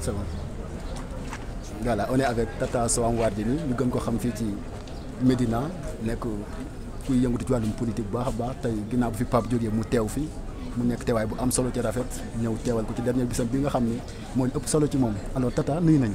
c'est bon voilà on est avec Tata Soham Wardini ñu gën ko xam fii ci Médina nekk kuy yëngutu ci wàllum politique bu baax baax tey ginnaaw bu fi Pape jógee mu teew fi mu nekk teewaay bu am solo ci rafet ñëw teewal ko ci dernier bisam bi nga xam ni mooy ëpp solo ci moom alors Tata nuyu nañu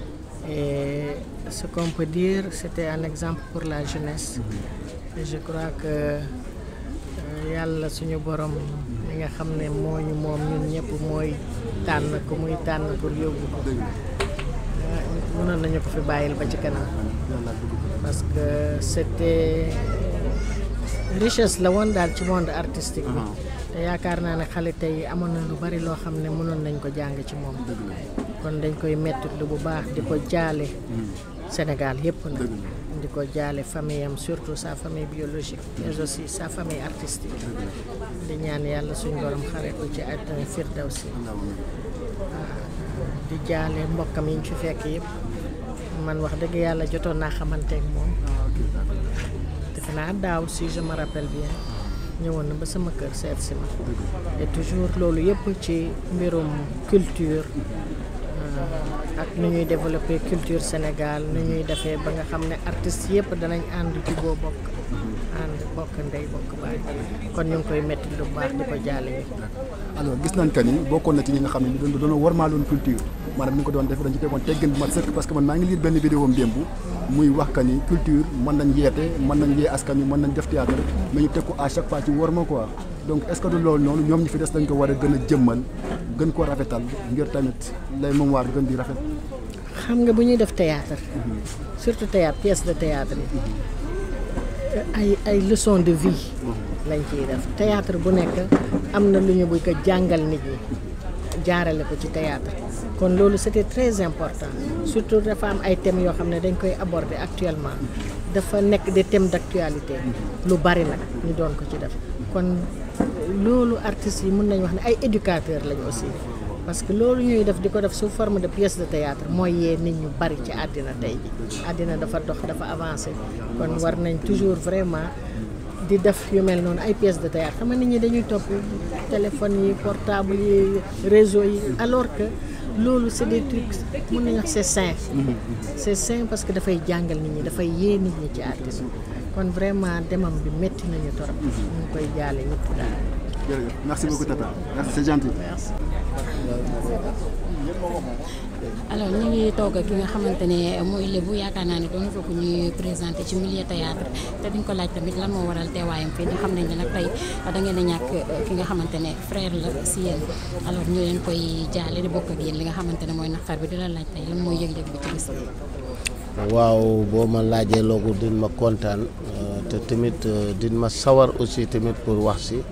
Et ce qu'on peut dire, c'était un exemple pour la jeunesse. je crois que euh, Yalla suñu borom nga xamné moñu mom ñun ñëpp muy pour euh, parce que c'était richesse la woon monde artistique uh-huh. ne na lu bari ne kon dañ koy mettitlu bu baax di ko jaale mm. Sénégal yëpp na di ko jaale famille am surtout sa famille biologique mais aussi sa famille artistique di ñaan yàlla suñ borom xare ko ci àddina firdawsi di jaale mbokkam yi ñu ci fekk yëpp man wax dëgg yàlla jotoon naa xamanteek moom ah, defe naa daaw si je me rappelle ah. ñëwoon na ba sama kër seet si ma te toujours loolu yëpp ci mbirum culture mm-hmm. nu ñuy développer culture Sénégal nu ñuy defee ba nga xam ne artistes yëpp danañ ànd juboo bokk ànd bokk ndey bokk baay kon ñu ngi koy métti lu baax di ko jaale yi gis nañ que ni bokkoon na ci ñi nga xam ne ñu doon warmaaloon culture maanaam ni nga ko doon def dañu ci tegoon teggin bu mat sëkk parce que man maa ngi lire benn vidéo am muy wax que ni culture mën nañ yeete mën nañ yee askan wi mën nañ def théâtre mais ñu teg ko à chaque fois ci warma quoi donc est-ce que du loolu noonu ñoom ñi fi des dañ ko war a gën a jëmmal gën ko rafetal ngir tamit lay mémoire gën di rafet. xam nga bu ñuy def théâtre surtout théâtre pièce de théâtre ay ay leçon de vie lañ ciy def théâtre bu nekk am na lu ñu bu ko jàngal nit ñi jaarale ko ci théâtre kon loolu c'était très important surtout dafa am ay thèmes yoo xam ne dañ koy aborder actuellement dafa nekk des thèmes d'actualité lu bari nag ñu doon ko ci def kon loolu artistes yi mën nañu wax ne ay éducateurs lañu aussi parce que loolu ñuy def di ko def su forme de pièce de théâtre mooy yee nit ñu bari ci àddina tey ji àddina dafa dox dafa avancé kon war nañ toujours vraiment di def yu mel noonu ay pièces de théâtre xam nga nit ñi dañuy topp téléphone yi portable yi réseau yi alors que loolu c'est des trucs mën nañu wax c'est sain mm-hmm. c'est sain parce que dafay jàngal nit ñi dafay yee nit ñi ci artistes kon vraiment demam bi metti nañu torop mhm. ñu ngi koy jaale ñëpp daal. jërëjëf merci beaucoup Tata merci c'est gentil. alors ñu ngi toog ki nga xamante ne mooy Lébu yaakaar naa ne doon na ñu présenté ci millier théâtre te duñ ko laaj tamit lan moo waral teewaayam fii nga xam nañ ne nag tey da ngeen a ñàkk euh, ki nga xamante ne frère la si yéen alors ñu leen koy jaale di bokk ak yéen li nga xamante ne mooy naqar bi di la laaj tey lan mooy yëg-yëg bi ci bis waaw boo ma laajee loogu din ma kontaan euh, te tamit euh, din ma sawar aussi tamit pour wax si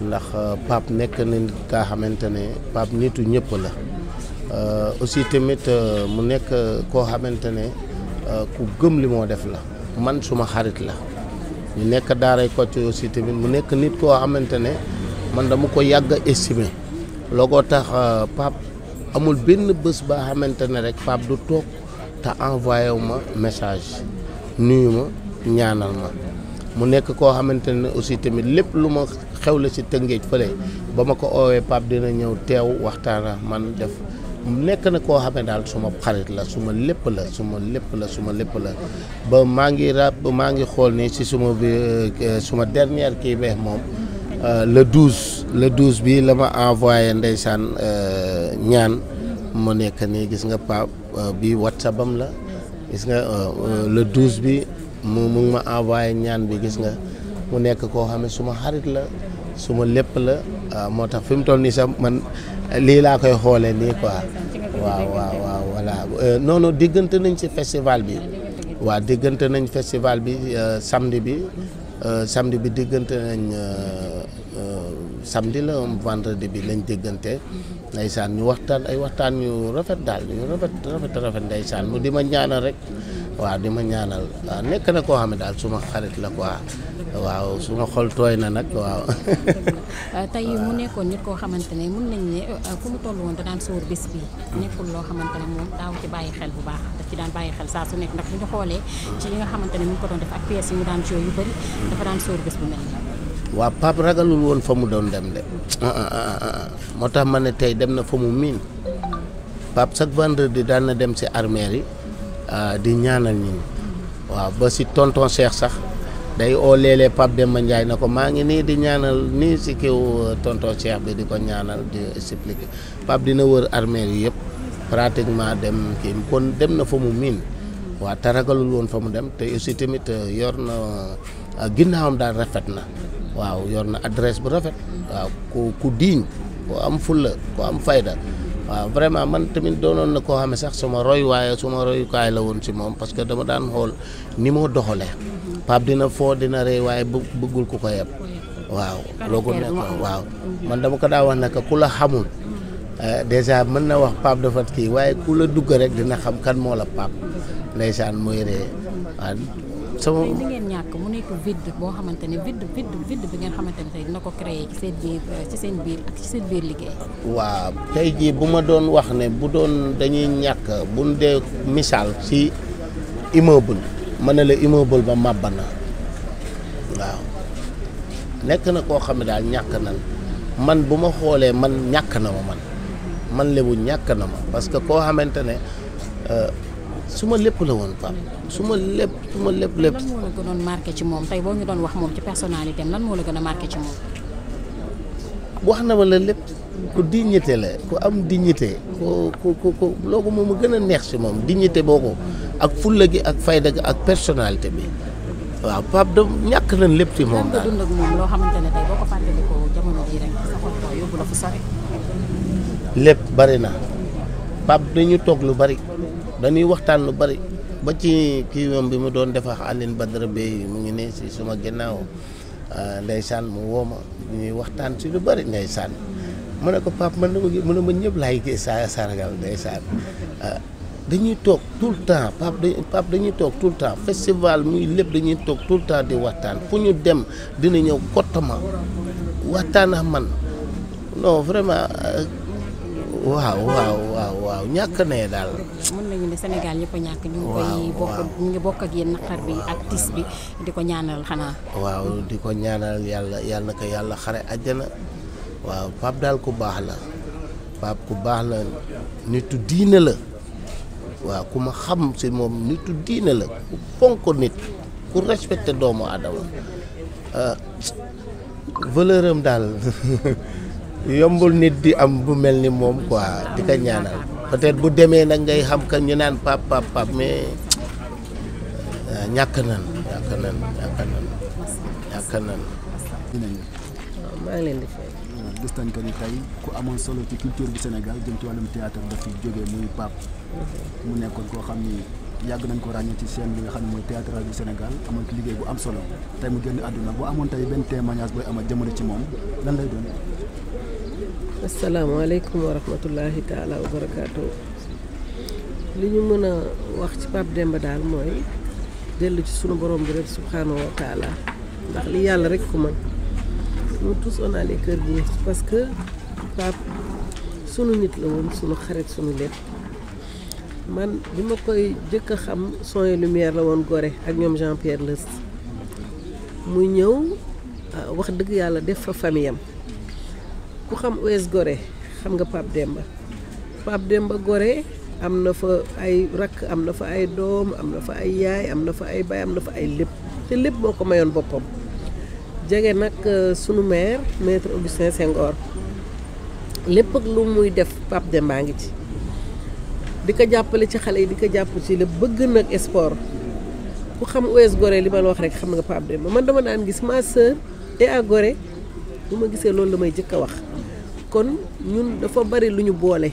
ndax euh, Pape nekk na nit kaa xamante ne Pape nitu ñëpp la aussi tamit mu nekk koo xamante ne ku gëm li moo def la man suma xarit la ñu nekk daaray Kocc aussi tamit mu nekk nit koo xamante ne man dama ko yàgg a estimer loo ko tax Pape amul benn bés ba xamante ne rek Pape du toog te envoyé wu ma message nuyu ma ñaanal ma mu nekk koo xamante ne aussi tamit lépp lu ma xew la si tëngéej fële ba ma ko oowee Pape dina ñëw teew waxtaan man def nekk na koo xamee daal suma xarit la suma lépp la suma lépp la suma lépp la ba maa ngi rab maa ngi xool ni si suma bi euh, suma dernière kii beex moom euh, le 12 le 12 bi la ma envoyé ndeysaan euh, ñaan moo nekk nii gis nga pa euh, bi whatsapp am la gis nga euh, euh, le douze bi mu mu ma envoyé ñaan bi gis nga mu nekk koo xam ne suma xarit la suma lépp la moo tax fi mu toll nii sax man lii laa koy xoolee nii quoi waaw waaw waaw voilà non diggante nañ si festival bi waa diggante nañ festival bi samedi bi bi diggante nañ samdi la vendredi bi lañ diggante ndeysaan ñu waxtaan ay waxtaan yu rafet daal yu rafet rafet rafet ndeysaan mu di ma ñaanal rek waaw di ma ñaanal waaw nekk na koo xam ne daal suma xarit la ko waaw suma xol tooy na nag waaw. tey mu nekkoon nit koo xamante ne mun nañ ne euh, euh, fu mu toll woon da daan sóor bés bi nekkul loo xamante ne moom daaw ci bàyyi xel bu baax daf ci daan bàyyi xel saa su nekk ndax ñu xoolee ci li nga xamante ne ko doon def ak pièces yi mu daan jooy yu bëri dafa daan waa pap ragalul won famu don dem de motax mané tay dem na famu min pap sak vendredi dem si armeri ah, di ñaanal ñi wa ba ton tonton Cheikh sax day o pap pap dem ma Ndiaye nako ma ngi ni di ñaanal ni si kiw eh, tonton Cheikh bi di ko ñaanal di expliquer Pap dina wër armeri, yi yëpp pratiquement dem ki kon dem na famu min wa waa won famu dem te aussi timit eh, yor na eh, ginnaawam da rafet na waaw yor na adresse bu rafet waaw ku ku diiñ ku am fulla ku am fayda waaw vraiment man tamit doonoon na koo xam ne sax suma roy waaye suma royukaay la woon si moom parce que dama daan xool ni moo doxalee Pape dina foo dina rey waaye bëggul ku ko yeb waaw loo ko nekk waaw man dama ko daa wax ne ku la xamul eh, dèjà mën na wax Pape dafa kii waaye ku la dugg rek dina xam kan moo la Pape ndeysaan mooy ree sama li ñàkk mu nekk vide boo xamante ne vide vide bi ngeen xamante ne tey dina ko créer ci seen biir ci seen biir ak ci seen biir liggéey. waaw tey jii bu ma doon wax ne bu doon dañuy ñàkk bu ñu dee misaal ci immeuble ma ne la immeuble ba màbba na waaw nekk na koo xam ne daal ñàkk na man bu ma xoolee man ñàkk na ma man man lebu ñàkk na ma parce que koo xamante ne. Euh, su ma lépp la woon Pape su ma lépp su ma lépp lépp. lan moo ci moom tey boo ñu doon wax moom ci personnalité am lan moo la gën a wax na lépp ku dignité la ku am dignité ko ku gën a neex si moom dignité boobu ak fulla gi ak fayda ak personnalité bi waaw Pape ñàkk nañ lépp ci moom daal. xamante ne tey bari na Pape dañu toog lu bari. dañuy waxtaan lu bari ba ci kii moom bi mu doon defax Aline Badara Bey mu ngi ne si suma ginnaaw euh, ndeysaan mu woo ma ñuy waxtaan si lu bari ndeysaan mu ne ko Pape man dama mu na man ñëpp laay gis saa sargal ndeysaan euh, dañuy toog tout le temps Pape dañuy dañuy toog tout le temps festival muy lépp dañuy toog tout le temps di waxtaan fu ñu dem dina ñëw kottu waxtaan ak man non vraiment. Euh, waaw waaw waaw waaw ñàkk nee daal. mën nañu ne Sénégal yëpp ñàkk. ñu ngi bokk ñu ngi ak yéen naqar bi ak tiis bi di ko ñaanal xanaa. waaw di ko ñaanal yàlla yàlla ko yàlla xare àjjana waaw Pape daal ku baax la Pape ku baax la nitu diine la waaw ku ma xam si moom nitu diine la ku fonk nit ku respecté doomu aadama euh, valeur daal. yombul nit di am bu mel ni moom quoi di ko ñaanal peut-être bu demee nag ngay xam ka ñu naan pap pap pap mais euh, ñàkk nan ñàkk nan ñàkk nan ñàkk nan waaw maa ngi leen di fay gis nañ ko ni tey ku amoon solo ci culture bu Sénégal jëm ci wàllum théâtre daf jóge jógee muy pap mm-hmm. mu nekkoon koo xam ni yàgg nañ ko ràññee ci seen bi nga xam ne mooy théâtral du Sénégal amoon ci liggéey bu am solo tey mu génn àdduna boo amoon tey benn témoignage booy amal jëmale ci moom lan lay doon. asalaamaaleykum wa rahmatullahi taala wa li ñu mën a wax ci Pape demb daal mooy dellu ci sunu borom bi rek subhanahu wa ndax li yàlla rek ko mën nous tous on a les cœurs parce que Pape sunu nit la woon sunu xarit sunu lépp. man bi ma koy jëkk a xam son et lumière la woon gore ak ñoom Jean Pierre Lès mu ñëw ah, wax dëgg yàlla def fa famille ku xam US gore xam nga Pape Demba Pape Demba gore am na fa ay rakk am na fa ay doom am na fa ay yaay am na fa ay baay am na fa ay lépp te lépp boo ko mayoon boppam jege nag euh, sunu maire maître Augustin Senghor lépp ak lu muy def Pape baa ngi ci di ko jàppale ci xale yi di ko jàpp ci la bëgg nag sport ku xam US gore li ma la wax rek xam nga Pape ba man dama daan gis ma sœur et gore bu ma gisee loolu la may jëkk a wax kon ñun dafa bari lu ñu boole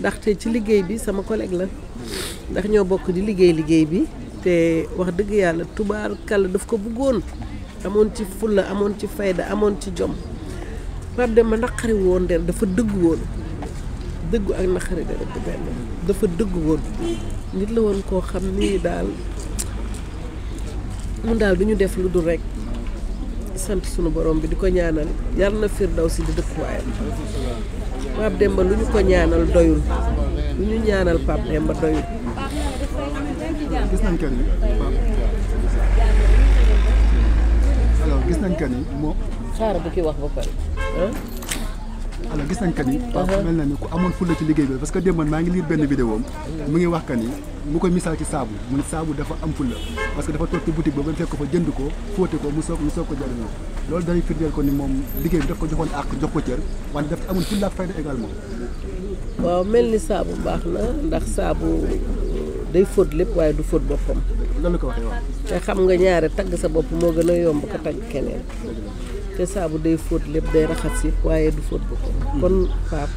ndaxte ci liggéey bi sama collègue la ndax ñoo bokk di liggéey liggéey bi te wax dëgg yàlla tubaal kàll daf ko bëggoon amoon ci fulla amoon ci fayda amoon ci jom dem ma naqari woon de dafa dëgg woon dëggu ak naqari de rek benn dafa dëgg woon nit la woon koo xam ni daal mun daal duñu def lu dul rek sant suñu borom bi di ko ñaanal yàlla na firdaw si di dëkkuwaayam pap Demba lu ñu ko ñaanal doyul lu ñu ñaanal pap Demba doyul gis nañ que ni alors gis nañ que ni mo xaar bu ki wax ba pare alors gis nañ que ni. Pape mel na ni ku amoon fulla ci liggéey bi parce que démb man maa ngi lire benn vidéo am. mu ngi wax que ni mu koy misaal ci saabu mu ne saabu dafa am fulla parce que dafa toog ci boutique boobu fekk ko fa jënd ko fóote ko mu soog mu soog ko jëriñoo loolu dañuy firndeel ko ni moom liggéey bi ko joxoon àq jox ko cër wante daf amoon fulla ak fayda également. waaw mel ni saabu baax na ndax saabu day fóot lépp waaye du fóot boppam. loolu ko waxee waaw. te xam nga ñaare tagg sa bopp moo gën a yomb ko tagg keneen. te saabu day fóot lépp day raxas yi waaye du fóot boppam kon Pape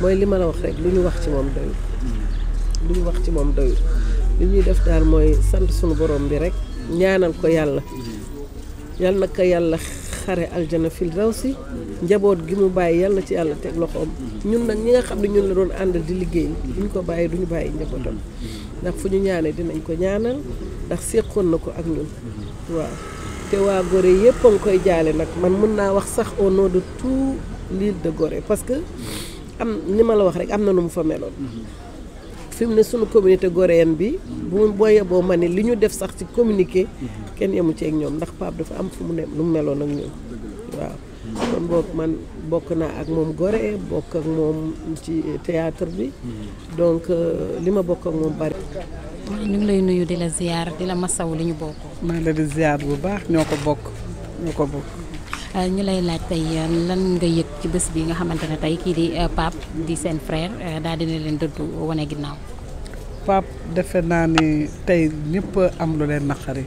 mooy li ma la wax rek lu ñu wax ci moom doyul lu ñu wax ci moom li ñuy def daal mooy sant suñu borom bi rek ñaanal ko yàlla yàlla yàlla xare aljana fil raw si njaboot gi mu bàyyi yàlla ci yàlla teg loxoom ñun nag ñi nga xam ne ñun la doon àndal di liggéey ñu ko bàyyi duñu bàyyi njabootam ndax fu ñu ñaanee dinañ ko ñaanal ndax séqoon na ko ak ñun waaw te waa gore yëpp a ngi koy jaale nag man mun naa wax sax au nom de tout l'île de gore parce que am ni ma la wax rek am na lu mu fa meloon. fi mu ne sunu communauté goréenne bi. bu boo yeboo ma ne li ñu def sax ci communiqué. kenn yemu ci ak ñoom ndax Pape dafa am fu mu ne lu mu meloon ak ñoom waaw. kon man bokk naa ak moom gore bokk ak moom ci théâtre bi. donc euh, li ma bokk ak moom bari. ñu ngi lay nuyu dina la dina di la li ñu bokk. maa la di ziar bu baax ñoo ko bokk ñoo ko bokk. Ah, ñu lay laaj tey ah, lan nga yëg ci bés bi nga xamante ne tey kii di ah, Pape di seen frère daal dina leen dëddu wane ginnaaw. Pape defe naa ni tey ñépp am lu leen naqari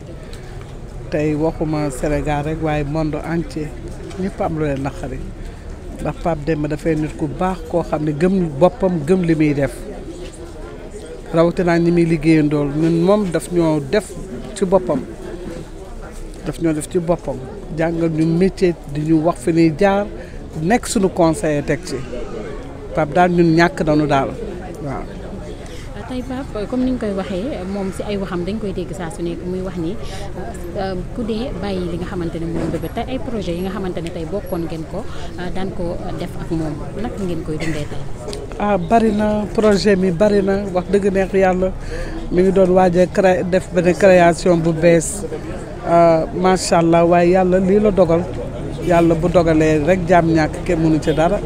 tey waxuma Sénégal rek waaye monde entier ñëpp am lu leen naqari ndax Pape dem dafay nit ku baax koo xam ne gëm boppam gëm li muy def. rawatina ni muy liggéeyandool ñun moom daf ñoo def ci boppam daf ñoo def ci boppam jàngal ñu métier di ñu wax fi ñuy jaar nekk suñu conseiller teg ci Pape daal ñun ñàkk nañu daal waaw. tey Pape comme ni ñu koy waxee moom si ay waxam dañ koy dégg saa su nekk muy wax ni euh, ku dee bàyyi li nga xamante ne moom bébé tey ay projet yi nga xamante ne tey bokkoon ngeen ko daan ko def ak moom naka ngeen koy dundee tey. ah bari na projet mi bari na wax deug neex yalla mi ngi doon waje def ben création bu bees ah, macha allah way yalla li la dogal yalla bu dogalee rek jam ñak ke munu ci dara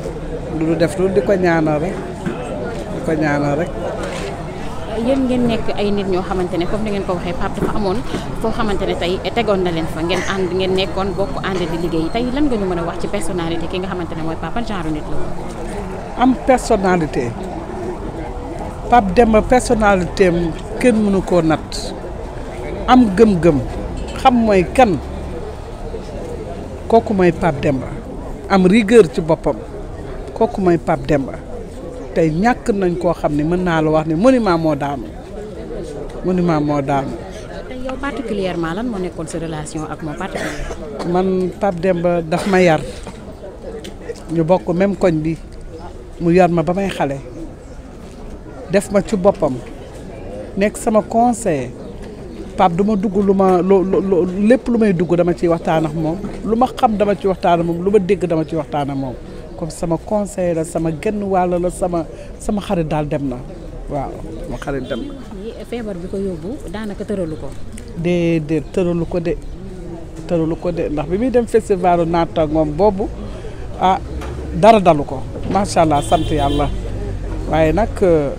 lu def lu di ñaanal rek diko ñaanal rek. yeen ngeen nek ay nit ñoo xamantene ne comme ni ngeen ko waxe pap dafa amone fo xamantene tay tey tegoon na len fa ngeen and ngeen nekkon bokku and di liggey tay lan nga ñu mëna wax ci personnalité ki nga xamantene moy papa jaru nit la am personnalité pap dem personnalité ken mënu ko nat am gem gem, xam moy kan koku moy pap Demba am rigueur ci bopam koku moy pap Demba tay ñak nañ ko xamni mën na la wax ni monument mo daam monument mo daam yow particulièrement lan moo nekkoon sa relation ak man pap Demba daf ma yar ñu mu yar ma ba may xale def ma ci boppam nekk sama conseiller Pape du dugg lu ma lu lépp lu may dugg dama ciy waxtaan ak moom lu ma xam dama ci waxtaan moom lu ma dégg dama ci waxtaan ak moom comme sama conseiller la sama genn wàll la sama sama xarit daal dem na waaw sama xarit dem na. feebar bi ko yóbbu daanaka tëralu ko. déedéet tëralu de tëralu ko de ndax bi muy dem festivalu naata moom boobu ah dara dalu ko. macha allah sant yalla waye nak eh,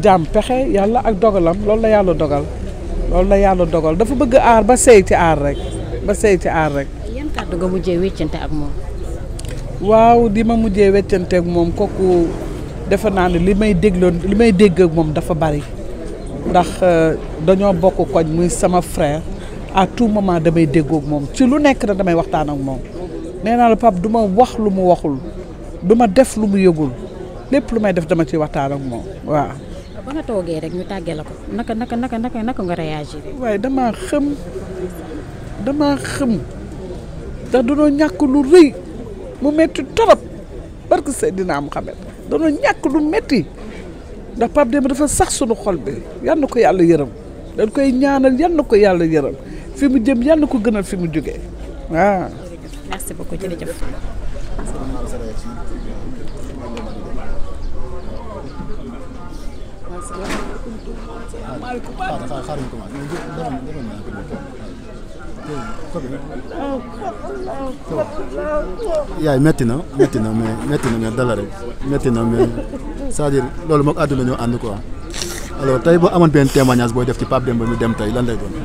jam pexé yalla ak dogalam loolu la yalla dogal loolu la yalla dogal dafa bëgg ar ba sey ci ar rek ba sey ci ar rek. ak mom waw di ma mujjé weccante ak mom koku dafa nan ne li may dégloon li may dégg ak mom dafa bari ndax eh, daño bokk koñ muy sama frère à tout moment damay déggo ak mom ci lu nekk da damay waxtaan ak mom néna la wax lu mu waxul. du ma def lu mu yëgul lépp lu may def dama ci waxtaan ak moom waa ba nga toogee rek ñu tàggee la ko naka naka naka naka naka nga réagir. waaye damaa xëm damaa xëm ndax danoo ñàkk lu rëy mu metti torop parce que Seydina Muhammad danoo ñàkk lu metti ndax Pape Demba dafa sax sunu xol bi yal na ko yàlla yërëm dan koy ñaanal yal na ko yàlla yërëm fi mu jëm yal na ko gënal fi mu jógee waaw. merci beaucoup yaay metti na metti na mais metti na mais dala rek metti na mais cest à loolu moog àdduna ñoo ànd quoi alors tey boo amoon benn témoignage booy def ci dem ba mi dem tey lan lay doon.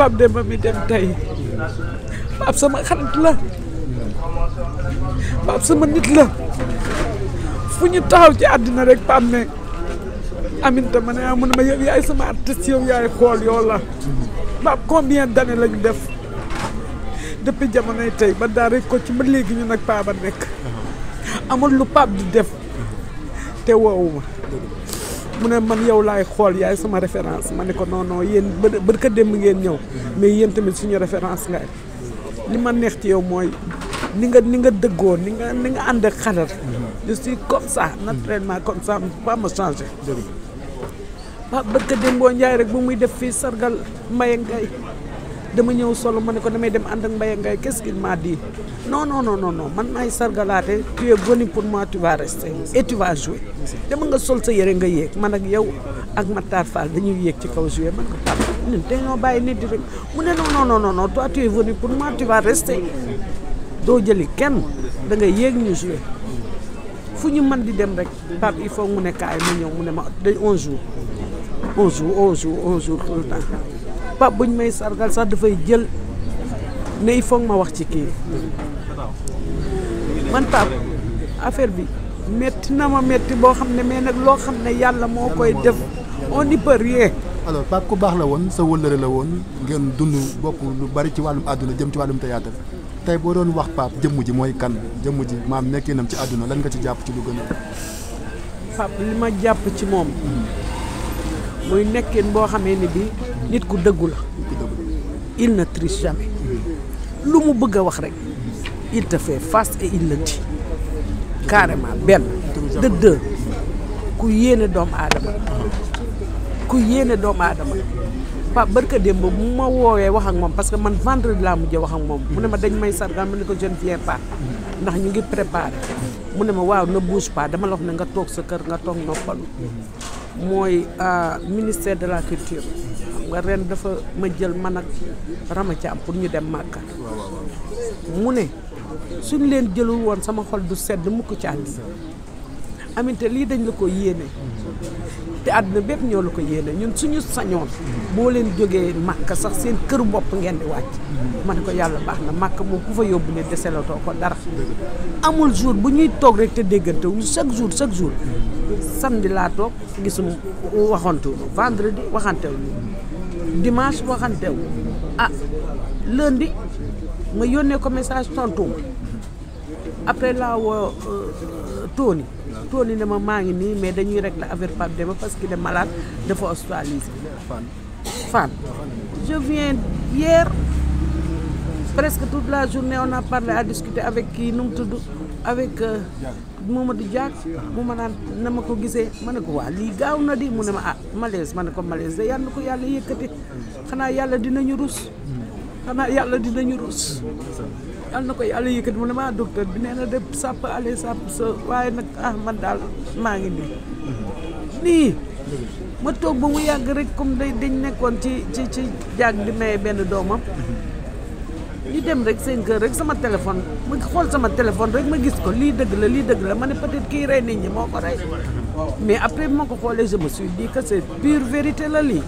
Pape Demba mi dem tey Pape sama xarit la Pape sama nit la fu ñu taxaw ci àddina rek Pape ne Aminta ma ne ah mu ne ma yow yaay sama artiste yow yaay xool yoo la Pape combien dane la ñu def depuis jamonoy tey ba daa rek ko ci ma léegi ñu nag Pape a nekk amul lu Pape di def te woowuma mu ne man yow laay xool yaay sama référence ma ne ko non non yéen ba ba ka démb ngeen ñëw mais yéen tamit suñu référence ngay li ma neex ci yow mooy ni nga ni nga dëggoon ni nga ni nga ànd ak xalal je suis comme ça naturellement comme ça pas ma changé ba ba ka démboo njaay rek bu muy def fii sargal Mbaye Ngaye dama ñëw solo ma ne ko damay dem ànd ak Mbaye Ngaye qu'est-ce qu'il m'a dit non non non non man maay sargalaate tu es venu pour moi tu vas rester et tu vas jouer dama nga sol sa yére nga yéeg man ak yow ak Matar Fall dañuy yéeg ci kaw jouer man ko papa ñun dañoo bàyyi nit di rek mu ne non non non non toi tu es venu pour moi tu vas rester doo jëli kenn da nga yéeg ñu jouer fu ñu mën di dem rek pap il faut mu ne kaay mu ñëw mu ne ma day 11 jours 11 jours 11 jours 11 jours tout le temps pap buñ may sargal sax fay jël né il faut ma wax ci ki man pap affaire bi metti na ma metti bo xamné ne mais nak lo xamné ne mo koy def on n'y peut rien alors pap ku bax la won sa wëllëre la won ngeen dund bokku lu bari ci walum aduna jëm ci walum théâtre tay bo doon wax Pape jëmm ji moy kan jëmm ji maam nam ci aduna lan nga ci japp ci lu gëna pap Pape li ma jàpp ci mom moy hmm. nekkene bo xamé ni bi nit ku dëggu la il ne triche jamais lu mu bëgg wax rek il te fait face et il le dit carrément ben de deux ku yene dom adam ku yene dom adam pa barka demb bu ma wowe wax ak mom parce que man vendredi mu je wax ak mom mu ne ma dañ may sargam mu ne ko je ne viens pas ndax ñu ngi préparer mu ne ma waaw ne bouge pas dama la wax ne nga tok sa kër nga tok noppalu mooy euh, ministère de la culture nga ren dafa ma jël man ak Rama Thiam pour ñu dem Màkka mu ne suñ leen jëlul woon sama xol du sedd mukk ci àddina aminte lii dañ la ko yéene te àddina bépp ñoo la ko yéene ñun suñu sañoon boo leen jógee màkk sax seen kër bopp ngeen di wàcc ma ne ko yàlla baax na màkk moom ku fa yóbbu ne deselatoo ko dara amul jour bu ñuy toog rek te déggante wuñu chaque jour chaque jour samedi laa toog gisum waxantu vendredi waxantewuñu dimanche waxantew ah lundi ma yónnee ko message tantôt. après là woo euh, Tony Tony ne ma mais dañuy régler affaire Pape Demba parce qu'il est malade dafa hospitalisé Fan je viens hier presque toute la journée on a parlé à discuter avec qui nous avec euh, Mamadou Diack mu ma naan na ma ko gisee ma ne ko waa lii gaaw na di mu ne ma ah malaise ma ne ko malaise da yàlla na ko yàlla yëkkati xanaa yàlla ñu rus xanaa yàlla dinañu rus yàlla na ko yàlla yëkkati mu ne ma ah, docteur bi nee na de sàpp ale sàpp sa waaye nag ah man daal maa ngi nii nii ma toog ba mu yàgg rek comme day dañ nekkoon ci ci ci jaag di maye benn doomam dem rek seen kër rek sama téléphone ma xool sama téléphone rek ma gis ko lii dëgg la lii dëgg la ma ne peut-être kii rey nit ñi moo ko rey mais après bi ma ko xoolee je me suis dit que c'est vérité la lii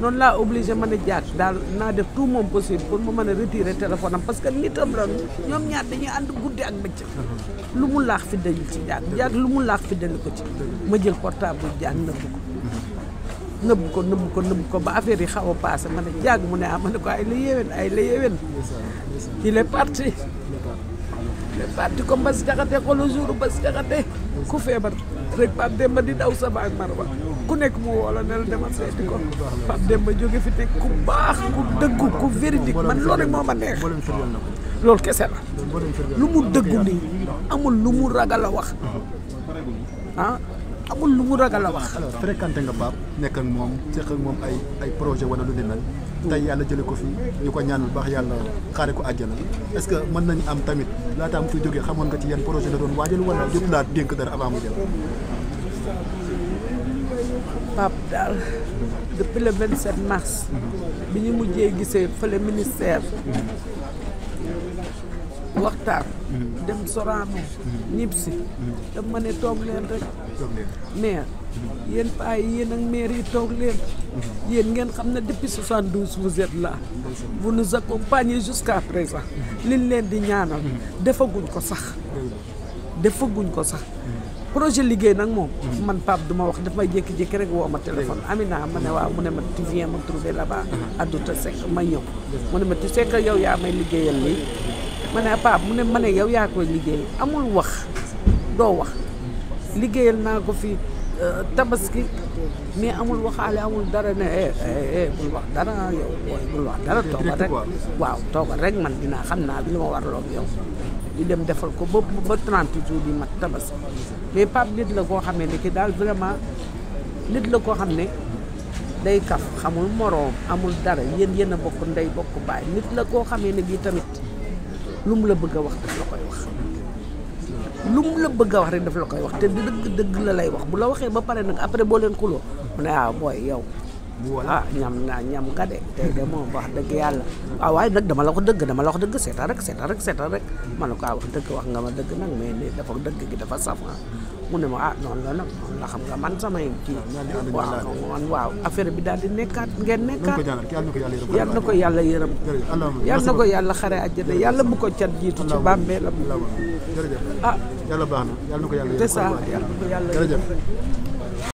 noonu laa obligé mën a jaat daal naa def tout moom possible pour ma mën a retirer téléphone am parce que nitam la ñoom ñaar dañuy ànd guddi ak bëccëg lu mu laax fi dañu ci jaat jaat lu mu laax fi dañu ko ci ma jël portable jaat na ko nëbb ko nëbb ko nëbb ko ba affaire yi xaw a passé ma ne jàgg mu ne ah ma ne ko ay la yéwén ay la yéwén il est parti il parti comme Bass Diakhaté xoolal jour Bass Diakhaté ku feebar rek Pape Demba di daw Safa ak Marwa ku nekk mu woo la ne la demal seeti ko dem ba jóge fi te ku baax ku dëggu ku véridique man loolu rek a ma neex loolu kese la lu mu dëggu nii amul lu mu ragal a wax ah amul lu mu ragal la wax fréquenté nga bab nek ak kan mom seq ak kan mom ay ay projet wala lu ni mel tay yalla jël ko fi ñuko ñaanul bax yalla yàlla ko aljana est ce que mën nañ am tamit la tam fi joggé xamone nga ci yeen projet la doon waajal wala yëpp la denk dara avant mu jël pap dal depuis le 27 mars biñu mujjé mujjee fele ministère mhm. waxtaan dem Sorano ñibbisi daf ma ne toog leen rek maire yéen paa yi yéen ak maire yi toog leen yéen ngeen xam ne depuis 72 vous êtes là vous nous accompagnez jusqu'à présent liñ leen di ñaanal defaguñ ko sax defaguñ ko sax projet liggéey nag moom man Pape duma wax daf may jékki-jékki rek woo ma téléphone Amina ma ne waaw mu ne ma tu viens me trouver là-bas Adouta Seck ma ñëw mu ne ma tu sais que yow yaa may liggéeyal lii ma ne pap mu ne ma ne yow yaa koy liggéey amul wax doo wax liggéeyal naa ko fi euh, tabaski mais amul waxaale amul dara ne eh, eh, eh, bul wax dara yow bul wax dara toogal rek waaw toogal rek man dinaa xam naa bi li ma waraloon yow di dem defal ko ba ba 30 jours yi mat tabaski mais pap nit la koo xamee ne daal vraiment nit la koo xam ne day kam xamul moroom amul dara yéen yenn bokk ndey bokk baay nit la koo xamee ne bii tamit lu mu la bëgg a wax daf la koy wax lu mu la bëgg a wax rek daf la koy wax te dëgg dëgg la lay wax bu la waxee ba pare nag après boo leen xuloo mu ne waaw ah, booy yow ah ñam naa ñam nga de tey de moom wax dëgg yàlla waaw ah, waaye nag dama la ko dëgg dama la wax dëgg seetal rek seetal rek seetal rek ma ne ko ah, wax dëgg wax nga ma dëgg nag mais ni dafa dëgg gi dafa saf mu ne ma ah noonu la nag noonu la xam nga man samay kii ah, waaw man waaw affaire bi daal di nekkaat ngeen nekkaat yal na ko yàlla yërëm yal na ko yàlla xare àjjana yàlla bu ko cat jiitu ci bàmmeelam ah yàlla baax na yal na ko yàlla yërëm c'est ça yal na ko yàlla yërëm